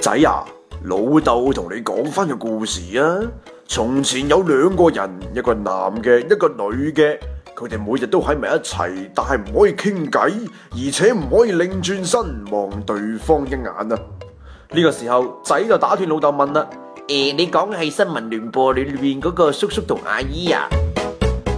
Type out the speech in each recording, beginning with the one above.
仔啊，老豆同你講翻個故事啊！從前有兩個人，一個男嘅，一個女嘅，佢哋每日都喺埋一齊，但係唔可以傾計，而且唔可以擰轉身望對方一眼啊！呢個時候，仔就打斷老豆問啦：，誒、欸，你講嘅係新聞聯播裏面嗰個叔叔同阿姨啊？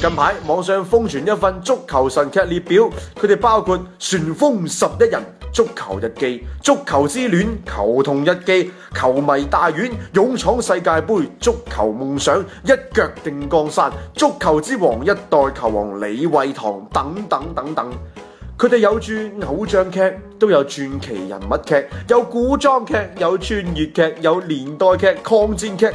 近排網上瘋傳一份足球神劇列表，佢哋包括《旋風十一人》《足球日記》《足球之戀》《球童日記》《球迷大院》《勇闖世界盃》《足球夢想》《一腳定江山》《足球之王》《一代球王李惠堂》等等等等。佢哋有轉偶像劇，都有傳奇人物劇，有古裝劇，有穿越劇，有年代劇、抗戰劇。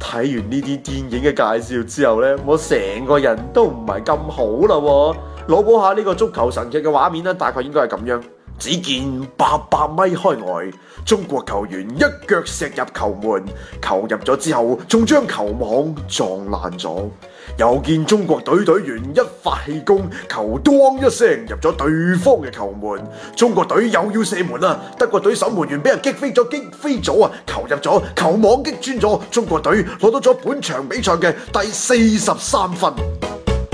睇完呢啲電影嘅介紹之後咧，我成個人都唔係咁好啦喎！腦補下呢個足球神劇嘅畫面啦，大概應該係咁樣。只見八百米開外，中國球員一腳射入球門，球入咗之後，仲將球網撞爛咗。又見中國隊隊員一發氣功，球當一聲入咗對方嘅球門。中國隊又要射門啦，德國隊守門員俾人擊飛咗，擊飛咗啊！球入咗，球網擊穿咗。中國隊攞到咗本場比賽嘅第四十三分。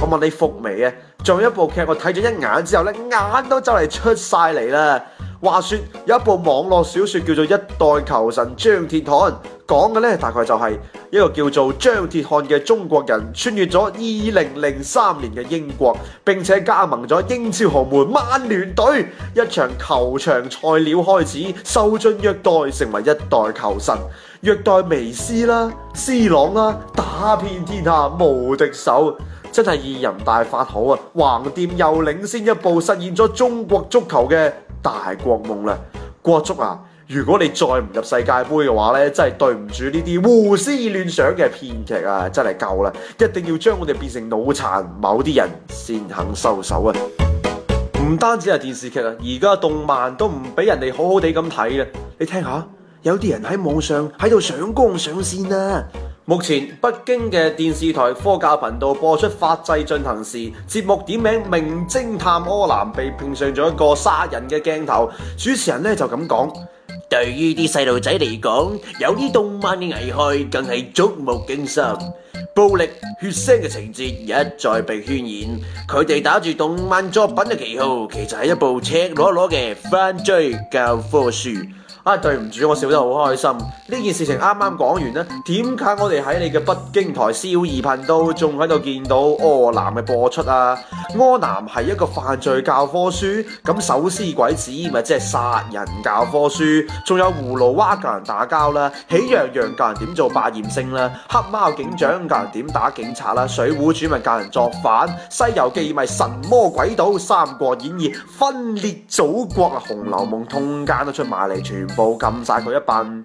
我問你服未啊？仲有一部劇，我睇咗一眼之後咧，眼都走嚟出晒嚟啦。話說有一部網絡小說叫做《一代球神張鐵漢》，講嘅咧大概就係、是、一個叫做張鐵漢嘅中國人穿越咗二零零三年嘅英國，並且加盟咗英超豪門曼聯隊。一場球場菜鳥開始，受盡虐待，成為一代球神，虐待梅西啦、斯朗啦，打遍天下無敵手。真係以人大法好啊，橫掂又領先一步，實現咗中國足球嘅大國夢啦！國足啊，如果你再唔入世界杯嘅話咧，真係對唔住呢啲胡思亂想嘅編劇啊，真係夠啦！一定要將我哋變成腦殘，某啲人先肯收手啊！唔單止係電視劇啊，而家嘅動漫都唔俾人哋好好地咁睇啊！你聽下，有啲人喺網上喺度上綱上線啊！目前北京嘅電視台科教頻道播出《法制進行時》節目點名《名偵探柯南》被配上咗一個殺人嘅鏡頭，主持人咧就咁講：對於啲細路仔嚟講，有啲動漫嘅危害更係觸目驚心，暴力血腥嘅情節一再被渲染，佢哋打住動漫作品嘅旗號，其實係一部赤裸裸嘅犯罪教科書。啊，對唔住，我笑得好開心。呢件事情啱啱講完呢，點解我哋喺你嘅北京台少兒頻道仲喺度見到柯南嘅播出啊？柯南係一個犯罪教科書，咁手撕鬼子咪即係殺人教科書，仲有葫蘆娃教人打交啦，喜羊羊教人點做百厭星啦，黑貓警長教人點打警察啦，水滸傳咪教人作反，西遊記咪神魔鬼島，三國演義分裂祖國啊，紅樓夢通奸都出埋嚟，全。冇禁晒佢一笨。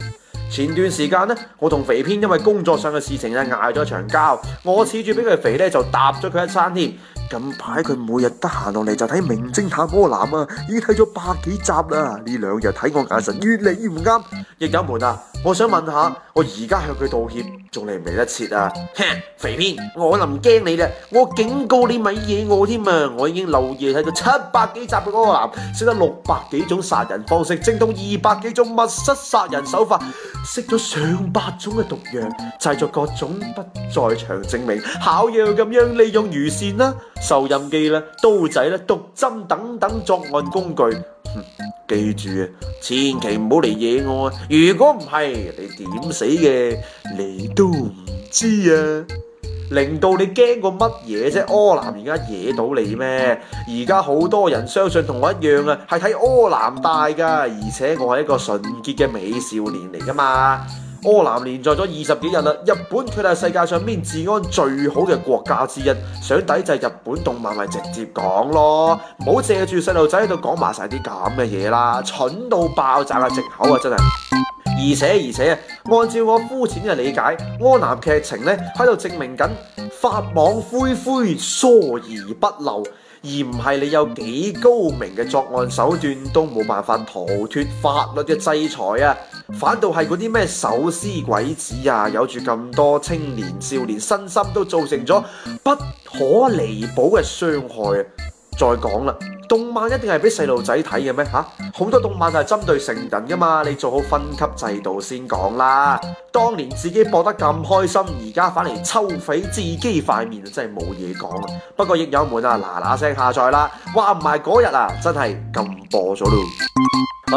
前段時間呢，我同肥編因為工作上嘅事情咧，嗌咗一場交。我恃住俾佢肥呢，就搭咗佢一餐添。近排佢每日得閒落嚟就睇《名偵探柯南》啊，已經睇咗百幾集啦。呢兩日睇我眼神越嚟越唔啱。亦有們啊，我想問下，我而家向佢道歉。仲嚟唔嚟得切啊！哼肥片，我唔驚你啦！我警告你咪惹我添啊！我已經熬夜睇到七百幾集嘅嗰個男，識得六百幾種殺人方式，精通二百幾種密室殺人手法，識咗上百種嘅毒藥，製作各種不在場證明，考驗咁樣利用魚線啦、收音機啦、刀仔啦、毒針等等作案工具。記住啊，千祈唔好嚟惹我啊！如果唔係，你點死嘅？你都。都唔知啊，令到你驚過乜嘢啫？柯南而家惹到你咩？而家好多人相信同我一樣啊，係睇柯南大噶，而且我係一個純潔嘅美少年嚟噶嘛。柯南連載咗二十幾日啦，日本佢係世界上邊治安最好嘅國家之一，想抵制日本動漫咪直接講咯，唔好借住細路仔喺度講埋晒啲咁嘅嘢啦，蠢到爆炸嘅借口啊，真係。而且，而且，按照我膚淺嘅理解，柯南劇情咧喺度證明緊法網恢恢疏而不漏，而唔係你有幾高明嘅作案手段都冇辦法逃脫法律嘅制裁啊！反倒係嗰啲咩手撕鬼子啊，有住咁多青年少年身心都造成咗不可彌補嘅傷害啊！再講啦。動漫一定係俾細路仔睇嘅咩吓？好多動漫就係針對成人噶嘛，你做好分級制度先講啦。當年自己播得咁開心，而家反嚟抽匪自己塊面，真係冇嘢講。不過益友們啊，嗱嗱聲下載啦。話唔埋嗰日啊，真係禁播咗咯。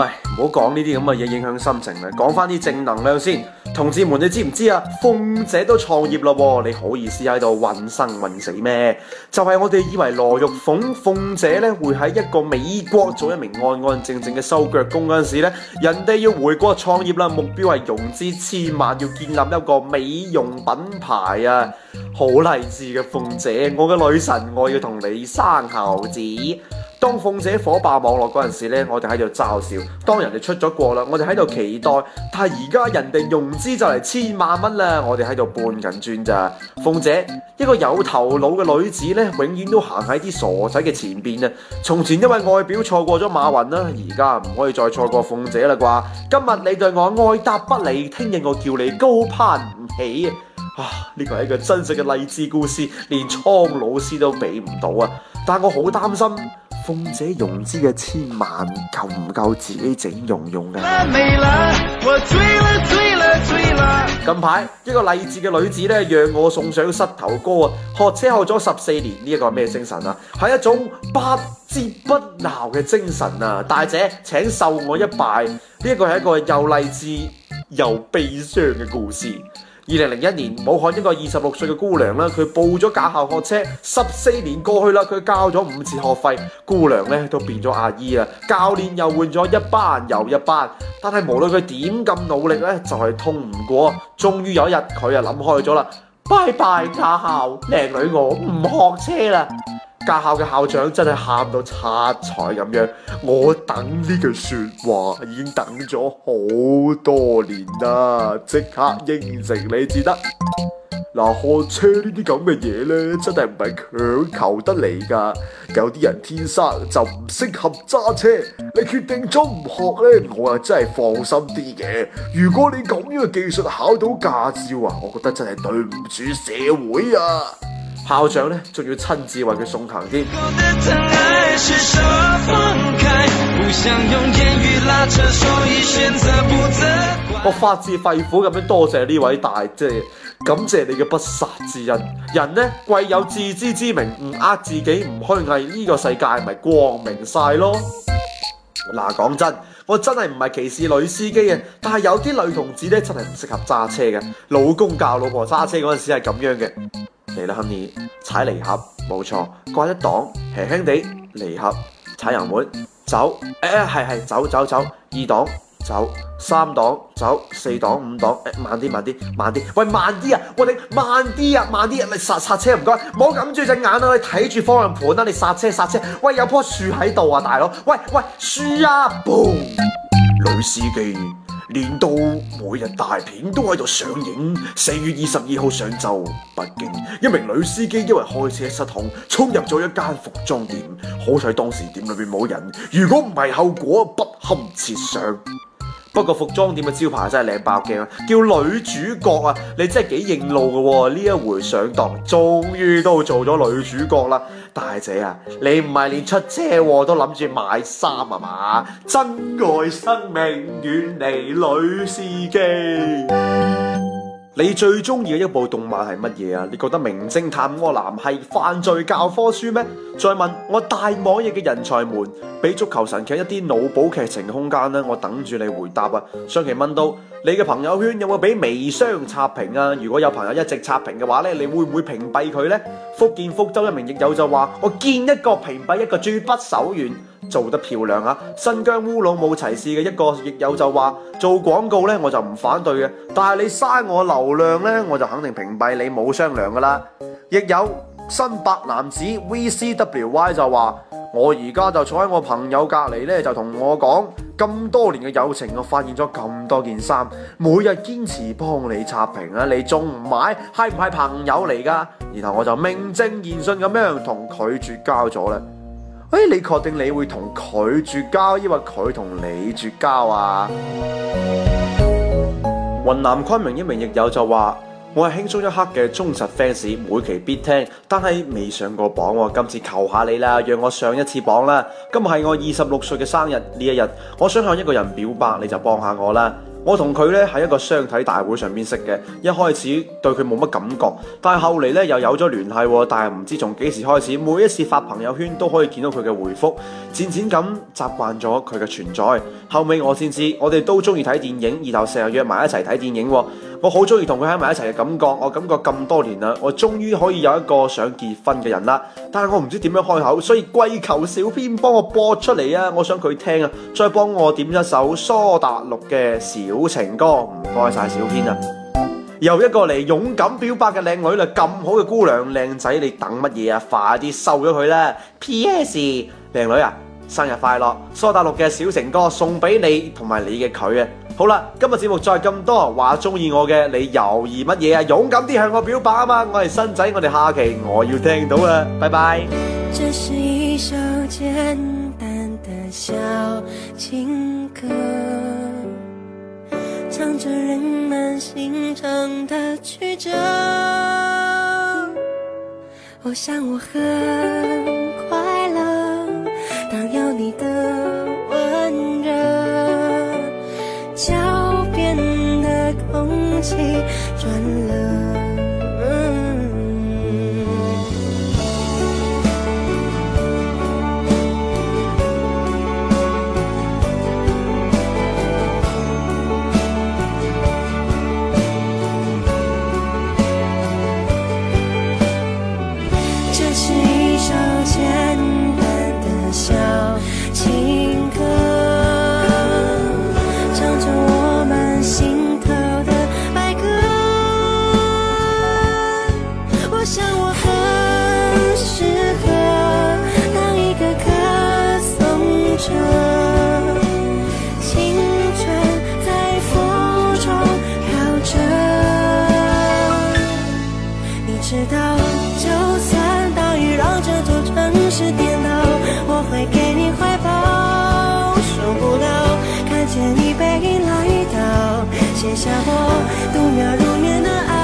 唉，唔好講呢啲咁嘅嘢，影響心情咧。講翻啲正能量先。同志們，你知唔知啊？鳳姐都創業啦喎，你好意思喺度混生混死咩？就係我哋以為羅玉鳳鳳姐咧會喺一個美國做一名安安靜靜嘅修腳工嗰陣時咧，人哋要回國創業啦，目標係融資千萬，要建立一個美容品牌啊！好勵志嘅鳳姐，我嘅女神，我要同你生猴子。當鳳姐火爆網絡嗰陣時咧，我哋喺度嘲笑；當人哋出咗國啦，我哋喺度期待。但係而家人哋融資就嚟千萬蚊啦，我哋喺度半緊轉咋？鳳姐一個有頭腦嘅女子呢，永遠都行喺啲傻仔嘅前邊啊！從前因為外表錯過咗馬雲啦，而家唔可以再錯過鳳姐啦啩？今日你對我愛答不理，聽日我叫你高攀唔起啊！呢個係一個真實嘅勵志故事，連蒼老師都俾唔到啊！但我好擔心。鳳姐融資嘅千萬夠唔夠自己整容用嘅？近排一個勵志嘅女子咧，讓我送上膝頭哥。啊！學車學咗十四年，呢一個係咩精神啊？係一種百折不撓嘅精神啊！大姐，請受我一拜。呢一個係一個又勵志又悲傷嘅故事。二零零一年，武漢一個二十六歲嘅姑娘啦，佢報咗駕校學車，十四年過去啦，佢交咗五次學費，姑娘咧都變咗阿姨啦，教練又換咗一班又一班，但係無論佢點咁努力咧，就係通唔過，終於有一日佢就諗開咗啦，拜拜駕校，靚女我唔學車啦。駕校嘅校長真係喊到七彩咁樣，我等呢句說話已經等咗好多年啦，即刻應承你至得。嗱，學車呢啲咁嘅嘢呢，真係唔係強求得嚟噶，有啲人天生就唔適合揸車。你決定咗唔學呢，我啊真係放心啲嘅。如果你咁樣嘅技術考到駕照啊，我覺得真係對唔住社會啊！校長咧，仲要親自為佢送行添。我,我發自肺腑咁樣多謝呢位大姐，即係感謝你嘅不殺之恩。人呢，貴有自知之明，唔呃自己，唔虛偽，呢、呢個世界咪光明晒咯。嗱、啊，講真，我真係唔係歧視女司機嘅，但係有啲女同志咧真係唔適合揸車嘅。老公教老婆揸車嗰陣時係咁樣嘅。嚟啦 Honey 踩離合，冇錯，掛一檔，輕輕地，離合，踩油門，走，誒、欸，係係，走走走，二檔，走，三檔，走，四檔，五檔，誒、欸，慢啲慢啲，慢啲，喂，慢啲啊，我哋慢啲啊，慢啲啊，咪剎剎車唔該，唔好揞住隻眼啊，你睇住方向盤啦，你剎車剎車，喂，有棵樹喺度啊，大佬，喂喂，喂，樹啊，boom，女司機。連到每日大片都喺度上映。四月二十二號上晝，北京一名女司機因為開車失控，衝入咗一間服裝店。好彩當時店裏面冇人，如果唔係，後果不堪設想。不過服裝店嘅招牌真係靚爆鏡啊！叫女主角啊，你真係幾認路嘅喎？呢一回上當，終於都做咗女主角啦！大姐啊，你唔係連出車禍、啊、都諗住買衫啊嘛？珍愛生命，遠離女司機。你最中意嘅一部動漫係乜嘢啊？你覺得《名偵探柯南》係犯罪教科書咩？再問我大網易嘅人才們，俾足球神劇一啲腦補劇情嘅空間啦！我等住你回答啊！雙奇問到，你嘅朋友圈有冇俾微商刷屏啊？如果有朋友一直刷屏嘅話咧，你會唔會屏蔽佢呢？」「福建福州一名網友就話：我見一個屏蔽一個，絕不手軟。做得漂亮啊！新疆烏魯木齊市嘅一個亦友就話做廣告呢，我就唔反對嘅，但係你嘥我流量呢，我就肯定屏蔽你冇商量噶啦。亦有新白男子 V C W Y 就話：我而家就坐喺我朋友隔離呢，就同我講咁多年嘅友情，我發現咗咁多件衫，每日堅持幫你刷屏啊！你仲唔買係唔係朋友嚟噶？然後我就名正言順咁樣同佢絕交咗啦。哎，你確定你會同佢絕交，抑或佢同你絕交啊？雲南昆明一名友友就話：我係輕鬆一刻嘅忠實 fans，每期必聽，但係未上過榜喎，今次求下你啦，讓我上一次榜啦。今日係我二十六歲嘅生日呢一日，我想向一個人表白，你就幫下我啦。我同佢咧喺一個相睇大會上面識嘅，一開始對佢冇乜感覺，但係後嚟咧又有咗聯繫，但係唔知從幾時開始，每一次發朋友圈都可以見到佢嘅回覆，漸漸咁習慣咗佢嘅存在。後尾我先知，我哋都中意睇電影，然後成日約埋一齊睇電影。我好中意同佢喺埋一齊嘅感覺，我感覺咁多年啦，我終於可以有一個想結婚嘅人啦。但係我唔知點樣開口，所以跪求小編幫我播出嚟啊！我想佢聽啊，再幫我點一首蘇打綠嘅《小情歌》，唔該晒小編啊。又一個嚟勇敢表白嘅靚女啦，咁好嘅姑娘靚仔，你等乜嘢啊？快啲收咗佢啦！P.S. 靚女啊！生日快樂！蘇打綠嘅小情歌送俾你同埋你嘅佢啊！好啦，今日節目再，咁多話中意我嘅你，猶豫乜嘢啊？勇敢啲向我表白啊嘛！我係新仔，我哋下期我要聽到啊！拜拜。這是一首簡單的小情歌，唱着人們心腸的曲折，我想我很轉。見你背影來到，寫下我度秒如年的愛。